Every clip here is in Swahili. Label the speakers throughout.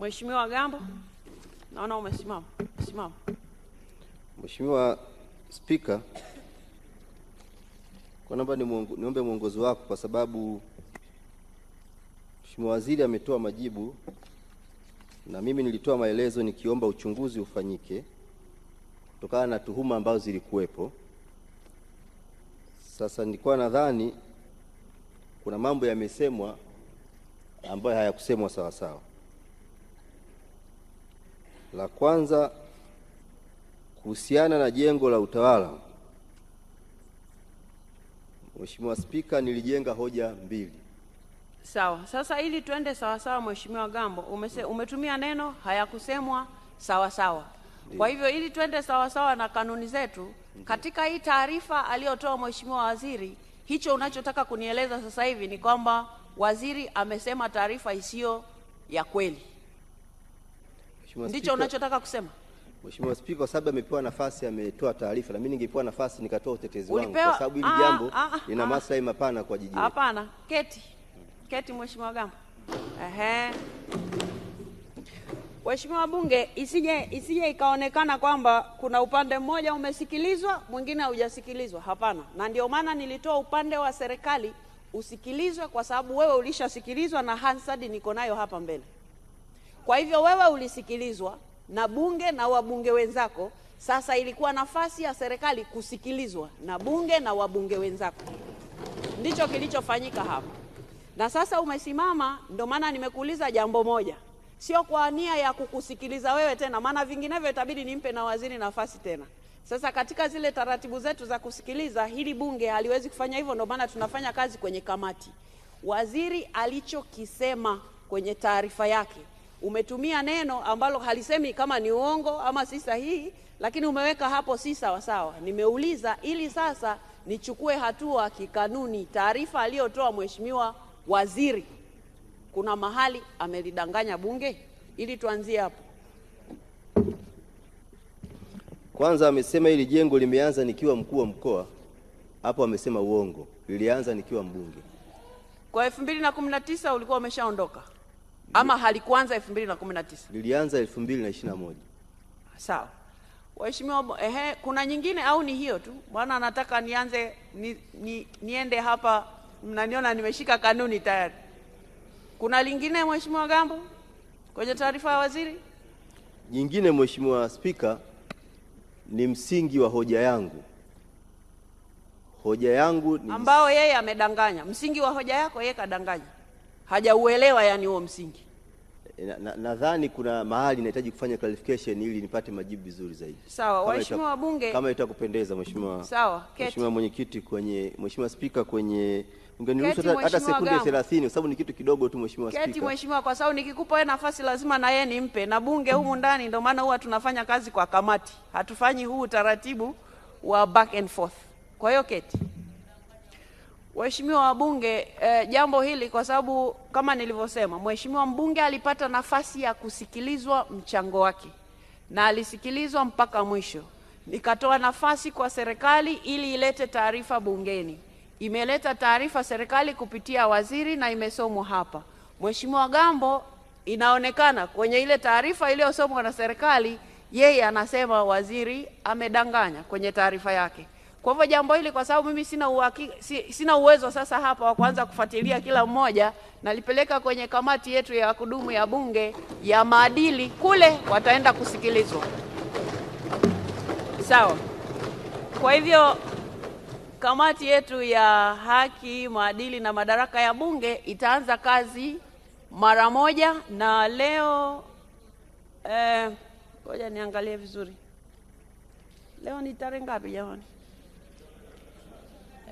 Speaker 1: Mheshimiwa Gambo, naona umesimama. Simama.
Speaker 2: Mheshimiwa Spika, kwa namba niombe mwongozo wako kwa sababu Mheshimiwa Waziri ametoa majibu na mimi nilitoa maelezo nikiomba uchunguzi ufanyike kutokana na tuhuma ambazo zilikuwepo. Sasa nilikuwa nadhani kuna mambo yamesemwa ambayo hayakusemwa sawasawa. La kwanza kuhusiana na jengo la utawala, Mheshimiwa Spika, nilijenga hoja mbili.
Speaker 1: Sawa. Sasa ili tuende sawasawa, Mheshimiwa Gambo umese, umetumia neno hayakusemwa sawasawa. Kwa hivyo ili tuende sawasawa na kanuni zetu Ndiyo. Katika hii taarifa aliyotoa Mheshimiwa Waziri, hicho unachotaka kunieleza sasa hivi ni kwamba waziri amesema taarifa isiyo ya kweli. Mheshimiwa Ndicho unachotaka kusema?
Speaker 2: Mheshimiwa Spika, kwa sababu amepewa nafasi ametoa taarifa na mimi ningepewa nafasi nikatoa utetezi
Speaker 1: wangu kwa sababu
Speaker 2: hili ah, jambo ah, ah, lina maslahi mapana kwa jiji.
Speaker 1: Hapana, keti. Keti Mheshimiwa Gamba. Ehe. Mheshimiwa Bunge, isije isije ikaonekana kwamba kuna upande mmoja umesikilizwa mwingine haujasikilizwa. Hapana, na ndio maana nilitoa upande wa serikali usikilizwe, kwa sababu wewe ulishasikilizwa na Hansard niko nayo hapa mbele. Kwa hivyo wewe ulisikilizwa na bunge na wabunge wenzako. Sasa ilikuwa nafasi ya serikali kusikilizwa na bunge na wabunge wenzako, ndicho kilichofanyika hapa. Na sasa umesimama, ndio maana nimekuuliza jambo moja, sio kwa nia ya kukusikiliza wewe tena, maana vinginevyo itabidi nimpe na waziri nafasi tena. Sasa katika zile taratibu zetu za kusikiliza, hili bunge haliwezi kufanya hivyo, ndio maana tunafanya kazi kwenye kamati. Waziri alichokisema kwenye taarifa yake umetumia neno ambalo halisemi kama ni uongo ama si sahihi, lakini umeweka hapo si sawa sawa. Nimeuliza ili sasa nichukue hatua kikanuni. Taarifa aliyotoa mheshimiwa waziri, kuna mahali amelidanganya bunge, ili tuanzie hapo.
Speaker 2: Kwanza amesema hili jengo limeanza nikiwa mkuu wa mkoa, hapo amesema uongo, lilianza nikiwa mbunge.
Speaker 1: Kwa 2019 ulikuwa umeshaondoka ama halikuanza 2019?
Speaker 2: Lilianza 2021.
Speaker 1: Sawa. Waheshimiwa, ehe, kuna nyingine au ni hiyo tu? Bwana anataka nianze ni, ni, niende hapa, mnaniona nimeshika kanuni tayari. Kuna lingine Mheshimiwa Gambo kwenye taarifa ya waziri?
Speaker 2: Nyingine Mheshimiwa Spika, ni msingi wa hoja yangu. Hoja yangu ni
Speaker 1: ambao yeye amedanganya. Msingi wa hoja yako yeye kadanganya hajauelewa yani huo msingi.
Speaker 2: Nadhani eh, na, na kuna mahali nahitaji kufanya clarification ili nipate majibu vizuri zaidi.
Speaker 1: Sawa, waheshimiwa wabunge,
Speaker 2: kama itakupendeza mheshimiwa. Sawa, mheshimiwa mwenyekiti, kwenye mheshimiwa spika, kwenye
Speaker 1: ungeniruhusu hata sekunde
Speaker 2: 30 kwa sababu ni kitu kidogo tu mheshimiwa
Speaker 1: spika. Keti mheshimiwa, kwa sababu nikikupa wewe nafasi lazima na yeye nimpe, na bunge humu ndani ndio maana huwa tunafanya kazi kwa kamati, hatufanyi huu utaratibu wa back and forth. Kwa hiyo keti. Waheshimiwa wabunge eh, jambo hili kwa sababu kama nilivyosema, mheshimiwa mbunge alipata nafasi ya kusikilizwa mchango wake na alisikilizwa mpaka mwisho. Nikatoa nafasi kwa serikali ili ilete taarifa bungeni. Imeleta taarifa serikali kupitia waziri na imesomwa hapa. Mheshimiwa Gambo, inaonekana kwenye ile taarifa iliyosomwa na serikali, yeye anasema waziri amedanganya kwenye taarifa yake. Kwa hivyo jambo hili, kwa sababu mimi sina, uhakika, sina uwezo sasa hapa wa kuanza kufuatilia kila mmoja, nalipeleka kwenye kamati yetu ya kudumu ya Bunge ya maadili, kule wataenda kusikilizwa, sawa. Kwa hivyo kamati yetu ya haki, maadili na madaraka ya Bunge itaanza kazi mara moja na leo eh, ngoja eh, niangalie vizuri leo ni tarehe ngapi jamani?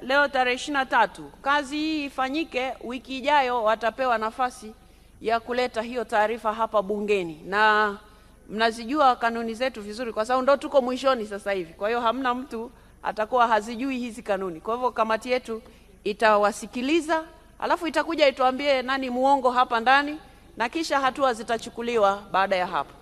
Speaker 1: leo tarehe ishirini na tatu. Kazi hii ifanyike, wiki ijayo watapewa nafasi ya kuleta hiyo taarifa hapa bungeni, na mnazijua kanuni zetu vizuri, kwa sababu ndo tuko mwishoni sasa hivi. Kwa hiyo hamna mtu atakuwa hazijui hizi kanuni. Kwa hivyo kamati yetu itawasikiliza, alafu itakuja ituambie nani muongo hapa ndani, na kisha hatua zitachukuliwa baada ya hapo.